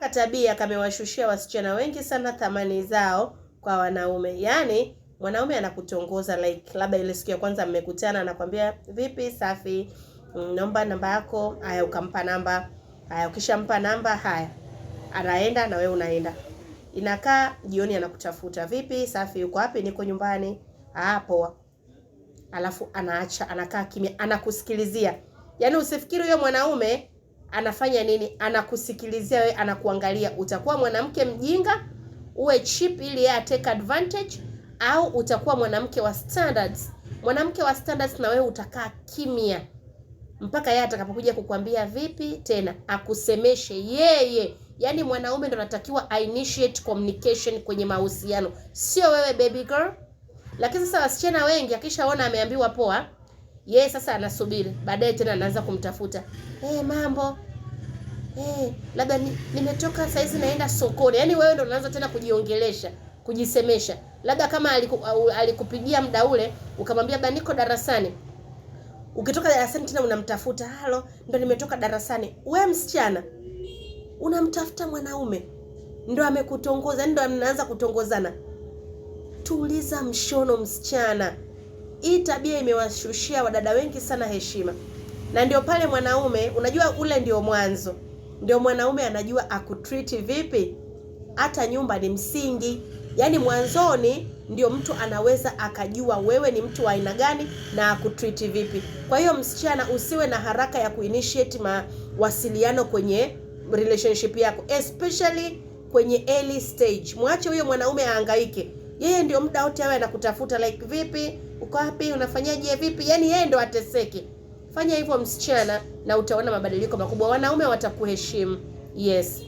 Katabia kamewashushia wasichana wengi sana thamani zao kwa wanaume. Yaani mwanaume anakutongoza like labda ile siku ya kwanza mmekutana anakwambia vipi, safi, mm, naomba namba yako. Haya, ukampa namba. Haya, ukishampa namba, haya anaenda na wewe unaenda. Inakaa jioni anakutafuta, vipi, safi, uko wapi? Niko nyumbani. Ah, poa. Alafu anaacha, anakaa kimya, anakusikilizia. Yaani usifikiri huyo mwanaume anafanya nini? Anakusikilizia wewe, anakuangalia. Utakuwa mwanamke mjinga uwe cheap ili yeye take advantage, au utakuwa mwanamke wa standards? Mwanamke wa standards na wewe utakaa kimya mpaka yeye atakapokuja kukwambia vipi, tena akusemeshe yeye. Yaani mwanaume ndo anatakiwa initiate communication kwenye mahusiano, sio wewe baby girl. Lakini sasa wasichana wengi akishaona ameambiwa poa Ye sasa anasubiri, baadaye tena anaanza kumtafuta. Hey, eh, mambo hey, eh, labda nimetoka ni saizi naenda sokoni. Yaani wewe ndio unaanza tena kujiongelesha, kujisemesha. Labda kama aliku, alikupigia muda ule ukamwambia bana niko darasani. Ukitoka darasani tena unamtafuta, halo, ndio nimetoka darasani. We msichana unamtafuta mwanaume, ndio amekutongoza, yaani ndio anaanza kutongozana. Tuliza mshono, msichana. Hii tabia imewashushia wadada wengi sana heshima, na ndio pale mwanaume, unajua ule ndio mwanzo, ndio mwanaume anajua akutreat vipi. Hata nyumba ni msingi, yaani mwanzoni ndio mtu anaweza akajua wewe ni mtu wa aina gani na akutreat vipi. Kwa hiyo, msichana, usiwe na haraka ya kuinitiate mawasiliano kwenye relationship yako, especially kwenye early stage. Mwache huyo mwanaume ahangaike yeye ndio muda wote awe anakutafuta like, vipi, uko wapi, unafanyaje, vipi, yani yeye ndio ateseke. Fanya hivyo msichana, na utaona mabadiliko makubwa, wanaume watakuheshimu. Yes.